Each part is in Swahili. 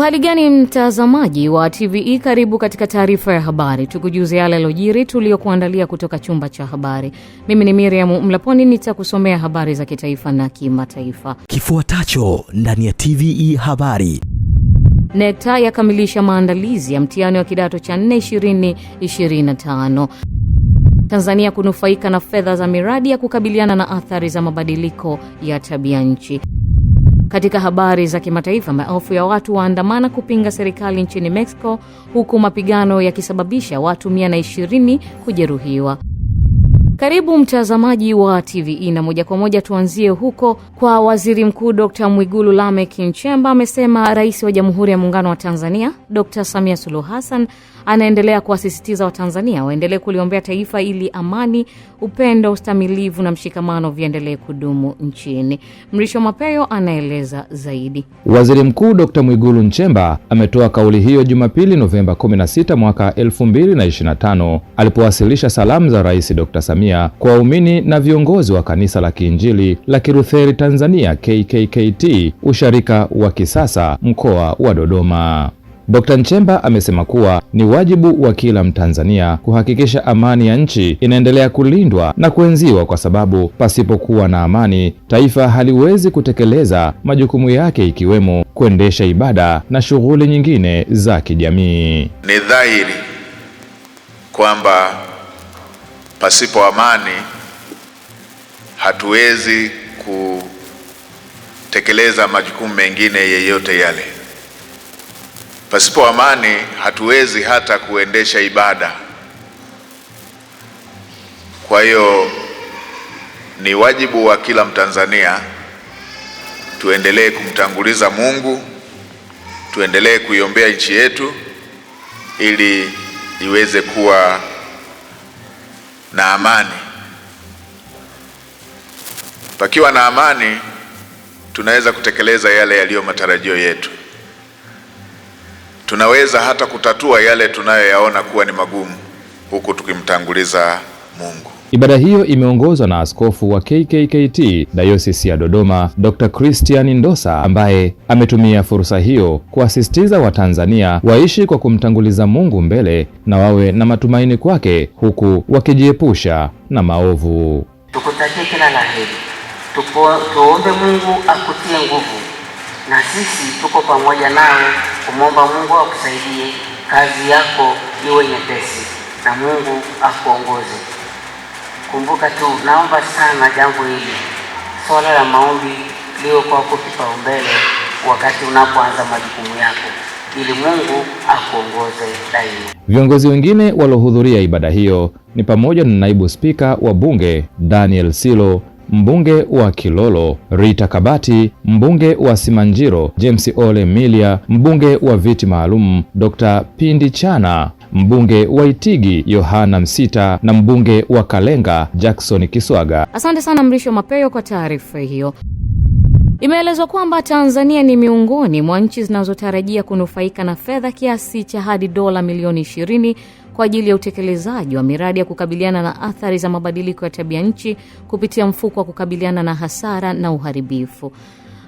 Uhali gani mtazamaji wa TVE, karibu katika taarifa ya habari, tukujuze yale yalojiri tuliyokuandalia kutoka chumba cha habari. Mimi ni Miriam Mlaponi, nitakusomea habari za kitaifa na kimataifa kifuatacho ndani ya TVE habari. NECTA yakamilisha maandalizi ya mtihani wa kidato cha 4 2025. Tanzania kunufaika na fedha za miradi ya kukabiliana na athari za mabadiliko ya tabia nchi. Katika habari za kimataifa, maelfu ya watu waandamana kupinga serikali nchini Mexico, huku mapigano yakisababisha watu 120 kujeruhiwa. Karibu mtazamaji wa TVE na moja kwa moja tuanzie huko kwa Waziri Mkuu Dr. Mwigulu Lameck Nchemba amesema Rais wa Jamhuri ya Muungano wa Tanzania Dr. Samia Suluhu Hassan anaendelea kuwasisitiza Watanzania waendelee kuliombea taifa ili amani, upendo, ustamilivu na mshikamano viendelee kudumu nchini. Mrisho Mapeyo anaeleza zaidi. Waziri Mkuu Dr. Mwigulu Nchemba ametoa kauli hiyo Jumapili Novemba 16 mwaka 225 alipowasilisha salamu za Rais Dr. Samia kwa waumini na viongozi wa Kanisa la Kiinjili la kirutheri Tanzania KKKT, usharika wa Kisasa, mkoa wa Dodoma. Dr. Nchemba amesema kuwa ni wajibu wa kila Mtanzania kuhakikisha amani ya nchi inaendelea kulindwa na kuenziwa kwa sababu pasipokuwa na amani, taifa haliwezi kutekeleza majukumu yake ikiwemo kuendesha ibada na shughuli nyingine za kijamii. Ni dhahiri kwamba pasipo amani hatuwezi kutekeleza majukumu mengine yeyote yale. Pasipo amani hatuwezi hata kuendesha ibada. Kwa hiyo ni wajibu wa kila Mtanzania tuendelee kumtanguliza Mungu, tuendelee kuiombea nchi yetu ili iweze kuwa na amani. Pakiwa na amani, tunaweza kutekeleza yale yaliyo matarajio yetu tunaweza hata kutatua yale tunayoyaona kuwa ni magumu huku tukimtanguliza Mungu. Ibada hiyo imeongozwa na askofu wa KKKT Dayosisi ya Dodoma, Dr. Christian Ndosa ambaye ametumia fursa hiyo kuasisitiza Watanzania waishi kwa kumtanguliza Mungu mbele na wawe na matumaini kwake huku wakijiepusha na maovu. Tukutakie kila la heri. Tuombe Mungu akutie nguvu na sisi tuko pamoja nawe kumwomba Mungu akusaidie kazi yako iwe nyepesi na Mungu akuongoze. Kumbuka tu, naomba sana jambo hili, swala la maombi liwe kwako kipaumbele wakati unapoanza majukumu yako ili Mungu akuongoze daima. Viongozi wengine waliohudhuria ibada hiyo ni pamoja na naibu spika wa bunge Daniel Silo mbunge wa Kilolo, Rita Kabati, mbunge wa Simanjiro, James Ole Milia, mbunge wa viti maalum, Dr. Pindi Chana, mbunge wa Itigi Yohana Msita na mbunge wa Kalenga Jackson Kiswaga. Asante sana Mrisho Mapeyo kwa taarifa hiyo. Imeelezwa kwamba Tanzania ni miongoni mwa nchi zinazotarajia kunufaika na fedha kiasi cha hadi dola milioni ishirini kwa ajili ya utekelezaji wa miradi ya kukabiliana na athari za mabadiliko ya tabia nchi kupitia mfuko wa kukabiliana na hasara na uharibifu.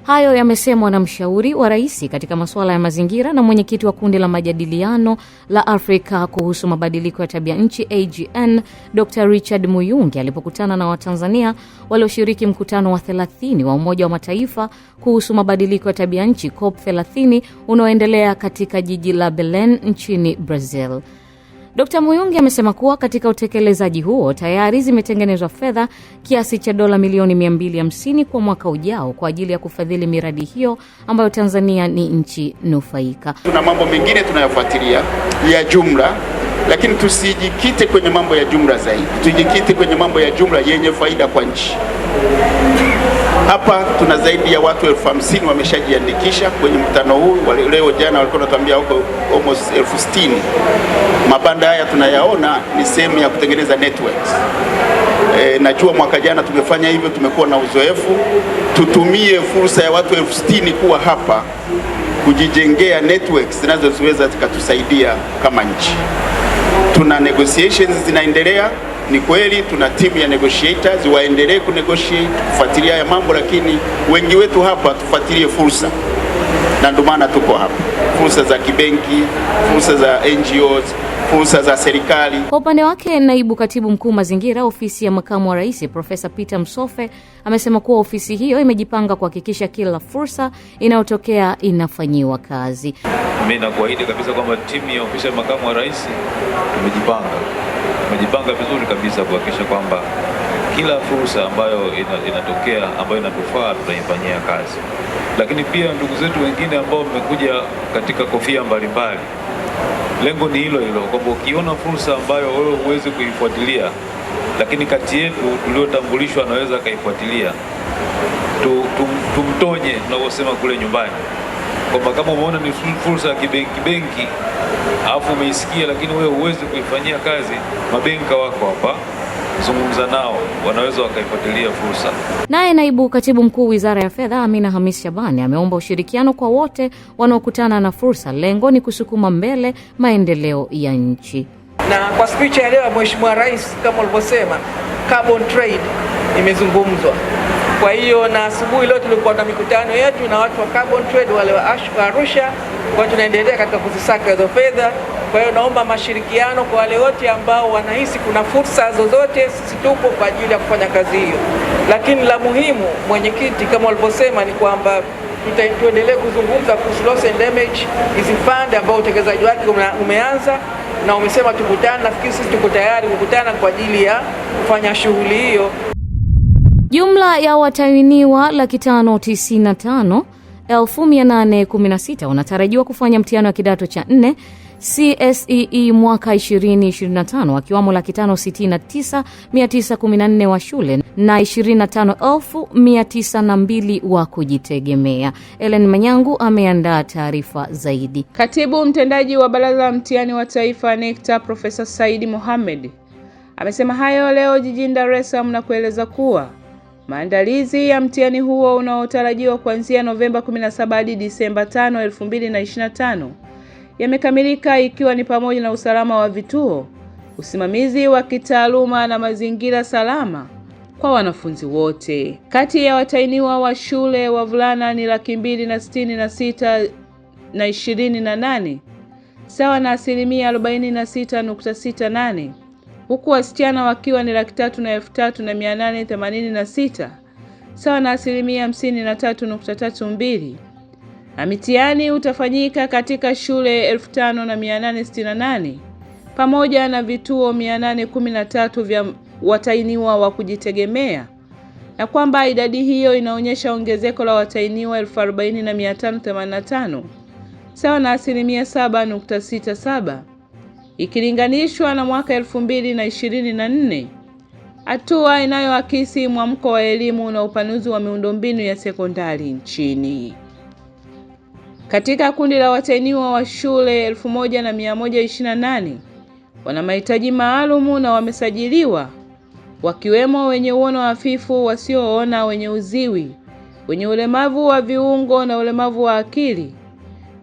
Hayo yamesemwa na mshauri wa rais katika masuala ya mazingira na mwenyekiti wa kundi la majadiliano la Afrika kuhusu mabadiliko ya tabia nchi AGN, Dr Richard Muyungi alipokutana na Watanzania walioshiriki mkutano wa 30 wa Umoja wa Mataifa kuhusu mabadiliko ya tabia nchi COP 30 unaoendelea katika jiji la Belen nchini Brazil. Dkt. Muyungi amesema kuwa katika utekelezaji huo tayari zimetengenezwa fedha kiasi cha dola milioni 250 kwa mwaka ujao kwa ajili ya kufadhili miradi hiyo ambayo Tanzania ni nchi nufaika. Tuna mambo mengine tunayofuatilia ya jumla, lakini tusijikite kwenye mambo ya jumla zaidi, tujikite kwenye mambo ya jumla yenye faida kwa nchi. Hapa tuna zaidi ya watu elfu hamsini wameshajiandikisha kwenye mkutano huu. Leo jana walikuwa wanatuambia huko almost elfu sitini. Mabanda haya tunayaona ni sehemu ya kutengeneza networks. E, najua mwaka jana tumefanya hivyo, tumekuwa na uzoefu. Tutumie fursa ya watu elfu sitini kuwa hapa kujijengea networks zinazoweza zikatusaidia kama nchi. Tuna negotiations zinaendelea. Ni kweli tuna timu ya negotiators, waendelee kunegotiate kufuatilia haya mambo, lakini wengi wetu hapa tufuatilie fursa, na ndio maana tuko hapa, fursa za kibenki, fursa za NGOs fursa za serikali. Kwa upande wake, naibu katibu mkuu mazingira ofisi ya makamu wa rais Profesa Peter Msofe amesema kuwa ofisi hiyo imejipanga kuhakikisha kila fursa inayotokea inafanyiwa kazi. Mimi nakuahidi kabisa kwamba timu ya ofisi ya makamu wa rais tumejipanga tumejipanga vizuri kabisa kuhakikisha kwamba kila fursa ambayo inatokea ambayo inatufaa tunaifanyia kazi. Lakini pia ndugu zetu wengine ambao mmekuja katika kofia mbalimbali, lengo ni hilo hilo, kwamba ukiona fursa ambayo wewe huwezi kuifuatilia, lakini kati yetu tuliotambulishwa anaweza akaifuatilia, tumtonye tu, tunavyosema kule nyumbani kwamba kama umeona ni fursa ya kibenki benki alafu umeisikia, lakini wewe huwezi kuifanyia kazi, mabenka wako hapa, zungumza nao, wanaweza wakaifuatilia fursa. Naye naibu katibu mkuu wizara ya fedha Amina Hamis Shabani ameomba ushirikiano kwa wote wanaokutana na fursa, lengo ni kusukuma mbele maendeleo ya nchi. Na kwa spicha ya leo ya Mheshimiwa Rais, kama ulivyosema, carbon trade imezungumzwa kwa hiyo na asubuhi leo tulikuwa na mikutano yetu na watu wa Carbon Trade wale wa Arusha, kwa tunaendelea katika kuzisaka hizo fedha. Kwa hiyo naomba mashirikiano kwa wale wote ambao wanahisi kuna fursa zozote, sisi tupo kwa ajili ya kufanya kazi hiyo. Lakini la muhimu, mwenyekiti, kama walivyosema, ni kwamba tuendelee kuzungumza kuhusu loss and damage hizi fund ambao utekelezaji wake umeanza na umesema tukutane. Nafikiri sisi tuko tayari kukutana kwa ajili ya kufanya shughuli hiyo. Jumla ya watahiniwa laki tano tisini na tano elfu mia nane kumi na sita wanatarajiwa kufanya mtihani wa kidato cha nne CSEE e mwaka 2025 wakiwamo laki tano sitini na tisa mia tisa kumi na nne wa shule na 25,902 wa kujitegemea. Ellen Manyangu ameandaa taarifa zaidi. Katibu mtendaji wa Baraza la Mtihani wa Taifa NECTA Profesa Saidi Mohamed amesema hayo leo jijini Dar es Salaam na kueleza kuwa Maandalizi ya mtihani huo unaotarajiwa kuanzia Novemba 17 hadi Disemba 5, 2025 yamekamilika ikiwa ni pamoja na usalama wa vituo, usimamizi wa kitaaluma na mazingira salama kwa wanafunzi wote. Kati ya watainiwa wa shule wavulana ni laki mbili na sitini na sita na ishirini na nane sawa na asilimia 46.68 huku wasichana wakiwa ni laki tatu na elfu tatu na mia nane themanini na sita sawa na asilimia hamsini na tatu nukta tatu mbili na mitihani utafanyika katika shule elfu tano na mia nane sitini na nane pamoja na vituo 813 vya watainiwa wa kujitegemea na kwamba idadi hiyo inaonyesha ongezeko la watainiwa elfu arobaini na mia tano themanini na tano sawa na asilimia 7.67 ikilinganishwa na mwaka elfu mbili na ishirini na nne, hatua inayoakisi mwamko wa elimu na upanuzi wa miundombinu ya sekondari nchini. Katika kundi la watainiwa wa shule 1128 wana mahitaji maalumu na wamesajiliwa wakiwemo wenye uono hafifu, wasioona, wenye uziwi, wenye ulemavu wa viungo na ulemavu wa akili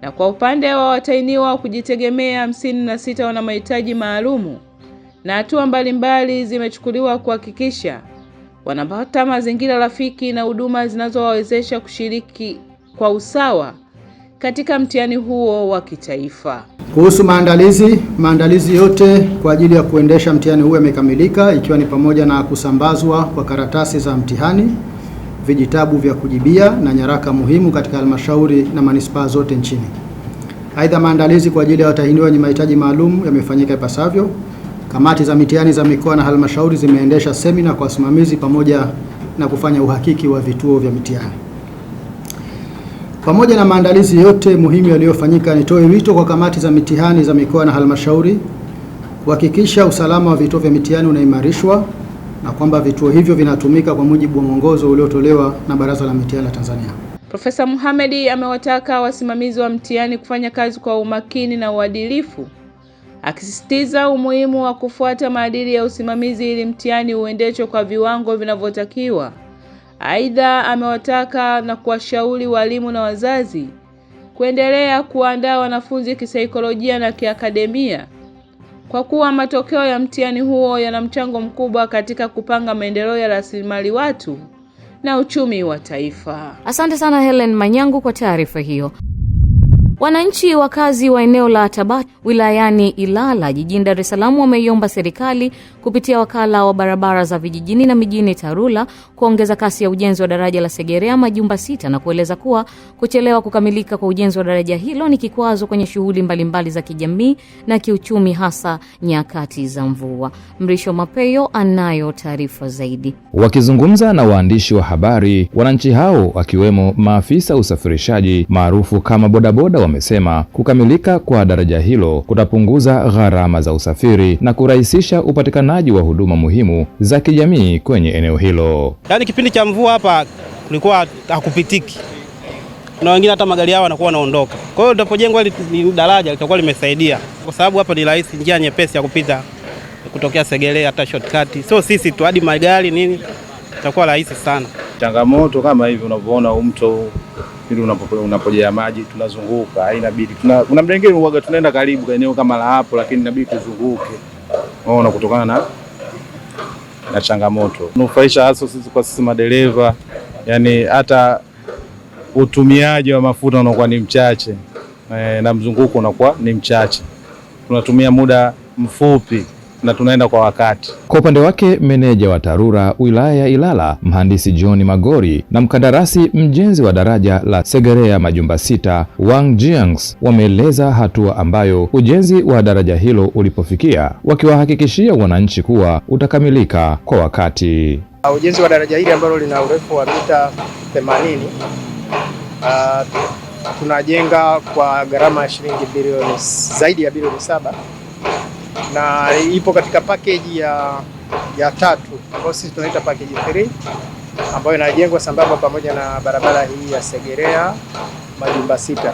na kwa upande wa watahiniwa kujitegemea hamsini na sita wana mahitaji maalumu na hatua mbalimbali zimechukuliwa kuhakikisha wanapata mazingira rafiki na huduma zinazowawezesha kushiriki kwa usawa katika mtihani huo wa kitaifa. Kuhusu maandalizi, maandalizi yote kwa ajili ya kuendesha mtihani huu yamekamilika ikiwa ni pamoja na kusambazwa kwa karatasi za mtihani vijitabu vya kujibia na nyaraka muhimu katika halmashauri na manispaa zote nchini. Aidha, maandalizi kwa ajili ya watahiniwa wenye mahitaji maalum yamefanyika ipasavyo. Kamati za mitihani za mikoa na halmashauri zimeendesha semina kwa wasimamizi pamoja na kufanya uhakiki wa vituo vya mitihani. Pamoja na maandalizi yote muhimu yaliyofanyika, nitoe wito kwa kamati za mitihani za mikoa na halmashauri kuhakikisha usalama wa vituo vya mitihani unaimarishwa na kwamba vituo hivyo vinatumika kwa mujibu wa mwongozo uliotolewa na Baraza la Mitihani la Tanzania. Profesa Mohamedi amewataka wasimamizi wa mtihani kufanya kazi kwa umakini na uadilifu, akisisitiza umuhimu wa kufuata maadili ya usimamizi ili mtihani uendeshwe kwa viwango vinavyotakiwa. Aidha, amewataka na kuwashauri walimu na wazazi kuendelea kuandaa wanafunzi kisaikolojia na kiakademia kwa kuwa matokeo ya mtihani huo yana mchango mkubwa katika kupanga maendeleo ya rasilimali watu na uchumi wa taifa. Asante sana Helen Manyangu kwa taarifa hiyo. Wananchi wakazi wa eneo la Tabat wilayani Ilala jijini Dar es Salaam wameiomba serikali kupitia wakala wa barabara za vijijini na mijini TARURA kuongeza kasi ya ujenzi wa daraja la Segerea majumba sita, na kueleza kuwa kuchelewa kukamilika kwa ujenzi wa daraja hilo ni kikwazo kwenye shughuli mbalimbali za kijamii na kiuchumi, hasa nyakati za mvua. Mrisho Mapeyo anayo taarifa zaidi. Wakizungumza na waandishi wa habari, wananchi hao wakiwemo maafisa usafirishaji maarufu kama bodaboda wa wamesema kukamilika kwa daraja hilo kutapunguza gharama za usafiri na kurahisisha upatikanaji wa huduma muhimu za kijamii kwenye eneo hilo. Yaani kipindi cha mvua hapa kulikuwa hakupitiki na wengine hata magari yao wanakuwa wanaondoka. Kwa hiyo ndipojengwa litapojengwa daraja litakuwa limesaidia, kwa sababu hapa ni rahisi, njia nyepesi ya kupita kutokea Segerea, hata shortcut, sio sisi tu, hadi magari nini, itakuwa rahisi sana changamoto kama hivi unavyoona huu mto ili unapojea maji tunazunguka, inabidi tuna, kuna mdengeni uaga tunaenda karibu eneo kama la hapo, lakini inabidi tuzunguke, unaona, kutokana na na changamoto nufaisha hasa sisi kwa sisi madereva, yani hata utumiaji wa mafuta unakuwa ni mchache e, na mzunguko unakuwa ni mchache, tunatumia muda mfupi na tunaenda kwa wakati. Kwa upande wake meneja wa TARURA wilaya ya Ilala mhandisi John Magori na mkandarasi mjenzi wa daraja la Segerea Majumba Sita Wang Jiangs wameeleza hatua ambayo ujenzi wa daraja hilo ulipofikia, wakiwahakikishia wananchi kuwa utakamilika kwa wakati. Ah, ujenzi wa daraja hili ambalo lina urefu wa mita 80 uh, ah, tunajenga kwa gharama ya shilingi bilioni zaidi ya bilioni saba na ipo katika package ya ya tatu ambayo sisi tunaita package 3 ambayo inajengwa sambamba pamoja na barabara hii ya Segerea majumba sita.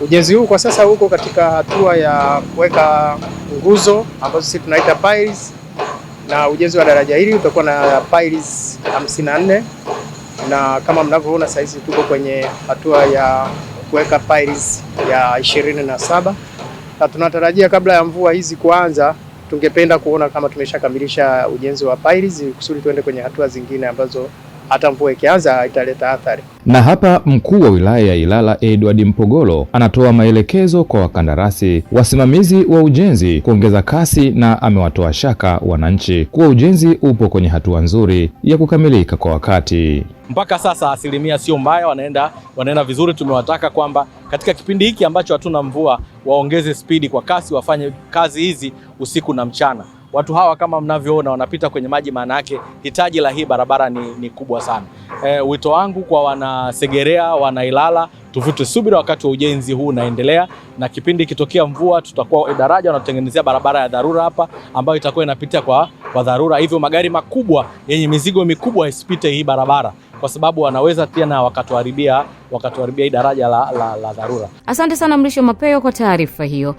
Ujenzi huu kwa sasa uko katika hatua ya kuweka nguzo ambazo sisi tunaita piles, na ujenzi wa daraja hili utakuwa na piles 54 na kama mnavyoona saizi tuko kwenye hatua ya kuweka piles ya 27 na tunatarajia kabla ya mvua hizi kuanza, tungependa kuona kama tumeshakamilisha ujenzi wa piles kusudi tuende kwenye hatua zingine ambazo hata mvua ikianza italeta athari. Na hapa mkuu wa wilaya ya Ilala Edward Mpogolo anatoa maelekezo kwa wakandarasi wasimamizi wa ujenzi kuongeza kasi, na amewatoa shaka wananchi kuwa ujenzi upo kwenye hatua nzuri ya kukamilika kwa wakati. Mpaka sasa asilimia sio mbaya, wanaenda wanaenda vizuri. Tumewataka kwamba katika kipindi hiki ambacho hatuna mvua waongeze spidi kwa kasi, wafanye kazi hizi usiku na mchana. Watu hawa kama mnavyoona wanapita kwenye maji, maana yake hitaji la hii barabara ni, ni kubwa sana. E, wito wangu kwa wanasegerea wanailala, tuvute subira wakati wa ujenzi huu unaendelea, na kipindi ikitokea mvua tutakuwa e, daraja wanatutengenezea barabara ya dharura hapa ambayo itakuwa inapitia kwa, kwa dharura, hivyo magari makubwa yenye mizigo mikubwa isipite hii barabara kwa sababu wanaweza tena wakatuharibia wakatuharibia hii daraja la, la, la dharura. Asante sana Mrisho Mapeo kwa taarifa hiyo.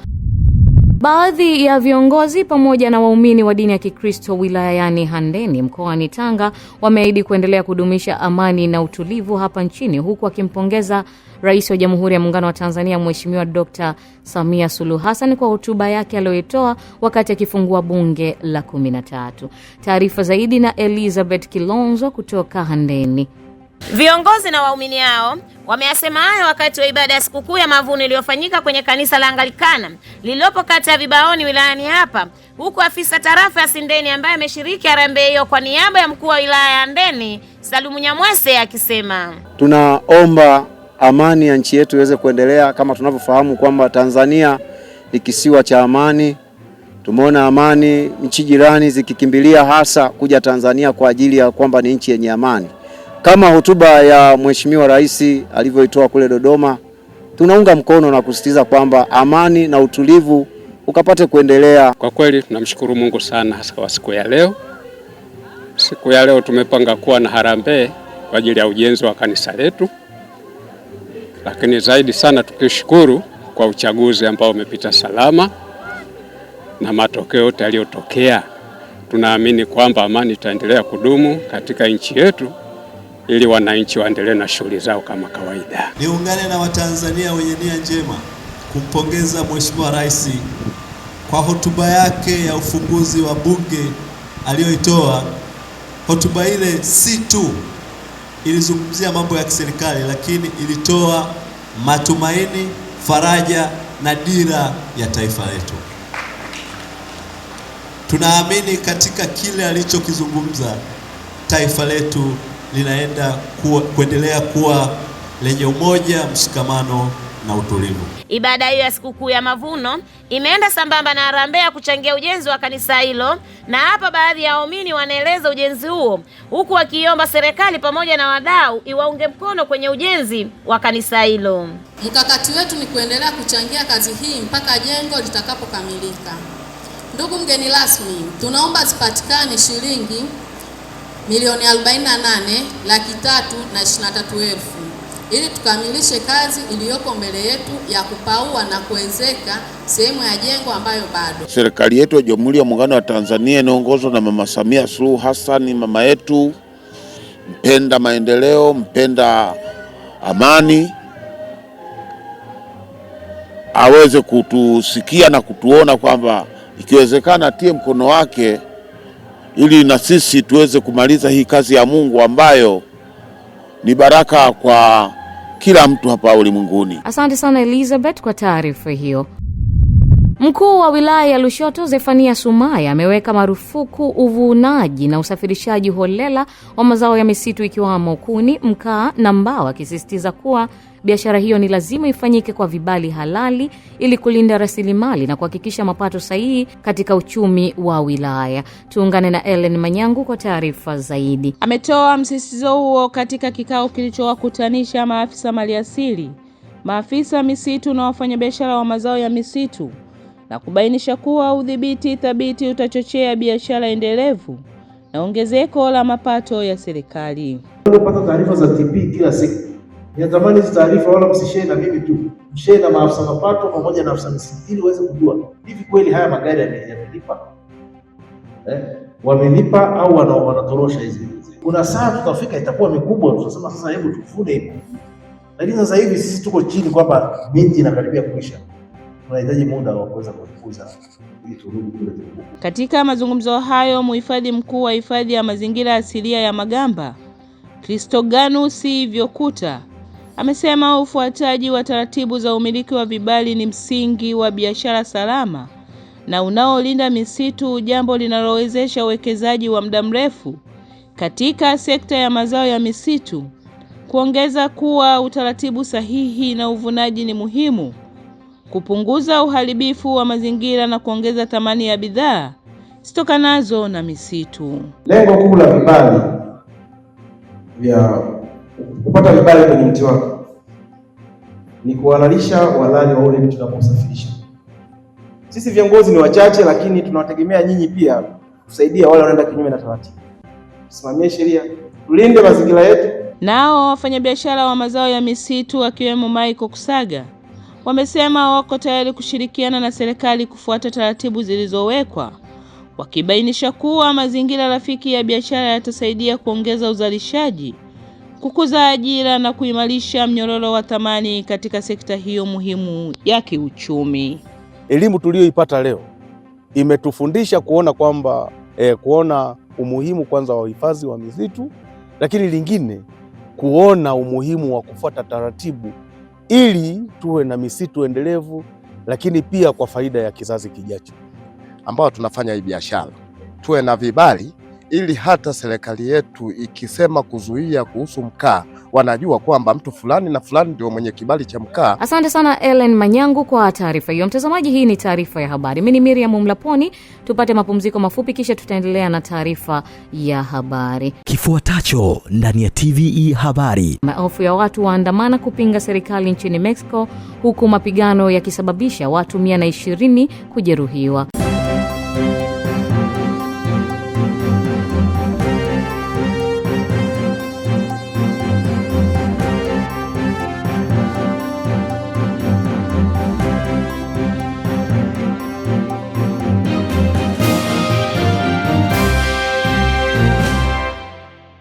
Baadhi ya viongozi pamoja na waumini wa dini ya Kikristo wilayani Handeni mkoani Tanga wameahidi kuendelea kudumisha amani na utulivu hapa nchini huku akimpongeza Rais wa Jamhuri ya Muungano wa Tanzania Mheshimiwa Dr. Samia Suluhu Hassan kwa hotuba yake aliyoitoa wakati akifungua bunge la 13. Taarifa zaidi na Elizabeth Kilonzo kutoka Handeni. Viongozi na waumini hao wameyasema hayo wakati wa ibada ya sikukuu ya mavuno iliyofanyika kwenye kanisa la Anglikana lililopo kata ya Vibaoni wilayani hapa, huku afisa tarafa ya Sindeni ambaye ameshiriki harambee hiyo kwa niaba ya mkuu wa wilaya ya Handeni Salumu Nyamwese akisema, tunaomba amani ya nchi yetu iweze kuendelea. Kama tunavyofahamu kwamba Tanzania ni kisiwa cha amani, tumeona amani nchi jirani zikikimbilia hasa kuja Tanzania kwa ajili ya kwamba ni nchi yenye amani. Kama hotuba ya Mheshimiwa Rais alivyoitoa kule Dodoma, tunaunga mkono na kusisitiza kwamba amani na utulivu ukapate kuendelea. Kwa kweli tunamshukuru Mungu sana, hasa kwa siku ya leo. Siku ya leo tumepanga kuwa na harambee kwa ajili ya ujenzi wa kanisa letu, lakini zaidi sana tukishukuru kwa uchaguzi ambao umepita salama na matokeo yote yaliyotokea, tunaamini kwamba amani itaendelea kudumu katika nchi yetu ili wananchi waendelee na shughuli zao kama kawaida. Niungane na Watanzania wenye nia njema kumpongeza Mheshimiwa Rais kwa hotuba yake ya ufunguzi wa bunge aliyoitoa. Hotuba ile si tu ilizungumzia mambo ya kiserikali, lakini ilitoa matumaini, faraja na dira ya taifa letu. Tunaamini katika kile alichokizungumza, taifa letu linaenda kuwa, kuendelea kuwa lenye umoja, mshikamano na utulivu. Ibada hiyo ya sikukuu ya mavuno imeenda sambamba na harambee ya kuchangia ujenzi wa kanisa hilo, na hapa baadhi ya waumini wanaeleza ujenzi huo, huku wakiomba serikali pamoja na wadau iwaunge mkono kwenye ujenzi wa kanisa hilo. Mkakati wetu ni kuendelea kuchangia kazi hii mpaka jengo litakapokamilika. Ndugu mgeni rasmi, tunaomba zipatikane shilingi milioni 48 laki tatu na ishirini na tatu elfu ili tukamilishe kazi iliyoko mbele yetu ya kupaua na kuwezeka sehemu ya jengo ambayo bado. Serikali yetu ya Jamhuri ya Muungano wa Tanzania inaongozwa na Mama Samia Suluhu Hassan, mama yetu mpenda maendeleo, mpenda amani, aweze kutusikia na kutuona kwamba ikiwezekana atie mkono wake ili na sisi tuweze kumaliza hii kazi ya Mungu ambayo ni baraka kwa kila mtu hapa ulimwenguni. Asante sana Elizabeth kwa taarifa hiyo. Mkuu wa wilaya ya Lushoto Zefania Sumaya ameweka marufuku uvunaji na usafirishaji holela wa mazao ya misitu ikiwamo kuni, mkaa na mbao, akisisitiza kuwa biashara hiyo ni lazima ifanyike kwa vibali halali ili kulinda rasilimali na kuhakikisha mapato sahihi katika uchumi wa wilaya. Tuungane na Ellen Manyangu kwa taarifa zaidi. Ametoa msisitizo huo katika kikao kilichowakutanisha maafisa maliasili, maafisa misitu na wafanyabiashara wa mazao ya misitu na kubainisha kuwa udhibiti thabiti utachochea biashara endelevu na ongezeko la mapato ya serikali. Unapata taarifa za TP kila siku, ninatamani hizo taarifa wala msishee na mimi tu, mshee na maafisa mapato pamoja na afisa misitu ili uweze kujua hivi kweli haya magari yamelipa, eh, wamelipa au wanatorosha hizi. Kuna saa tutafika itakuwa mikubwa, tutasema sasa, hebu tufune. Lakini sasa hivi sisi tuko chini kwamba miji inakaribia kuisha tunahitaji muda wa kuweza kujifunza ili turudi kule Katika mazungumzo hayo, mhifadhi mkuu wa hifadhi ya mazingira asilia ya Magamba Christoganus Vyokuta amesema ufuataji wa taratibu za umiliki wa vibali ni msingi wa biashara salama na unaolinda misitu, jambo linalowezesha uwekezaji wa muda mrefu katika sekta ya mazao ya misitu, kuongeza kuwa utaratibu sahihi na uvunaji ni muhimu kupunguza uharibifu wa mazingira na kuongeza thamani ya bidhaa zitokanazo na misitu. Lengo kuu la vibali vya kupata vibali kwenye mti wako ni kuhalalisha wadhani wa ule mti tunaposafirisha. Sisi viongozi ni wachache, lakini tunawategemea nyinyi pia kusaidia wale wanaenda kinyume na taratibu. Tusimamie sheria, tulinde mazingira yetu. Nao wafanyabiashara wa mazao ya misitu akiwemo Michael Kusaga wamesema wako tayari kushirikiana na serikali kufuata taratibu zilizowekwa, wakibainisha kuwa mazingira rafiki ya biashara yatasaidia kuongeza uzalishaji, kukuza ajira na kuimarisha mnyororo wa thamani katika sekta hiyo muhimu ya kiuchumi. Elimu tuliyoipata leo imetufundisha kuona kwamba eh, kuona umuhimu kwanza wa uhifadhi wa misitu, lakini lingine kuona umuhimu wa kufuata taratibu ili tuwe na misitu endelevu, lakini pia kwa faida ya kizazi kijacho ambao tunafanya hii biashara, tuwe na vibali ili hata serikali yetu ikisema kuzuia kuhusu mkaa wanajua kwamba mtu fulani na fulani ndio mwenye kibali cha mkaa. Asante sana Ellen Manyangu kwa taarifa hiyo. Mtazamaji, hii ni taarifa ya habari. mi ni Miriam Mlaponi, tupate mapumziko mafupi, kisha tutaendelea na taarifa ya habari kifuatacho ndani ya TVE Habari. Maelfu ya watu waandamana kupinga serikali nchini Mexico, huku mapigano yakisababisha watu 120 kujeruhiwa.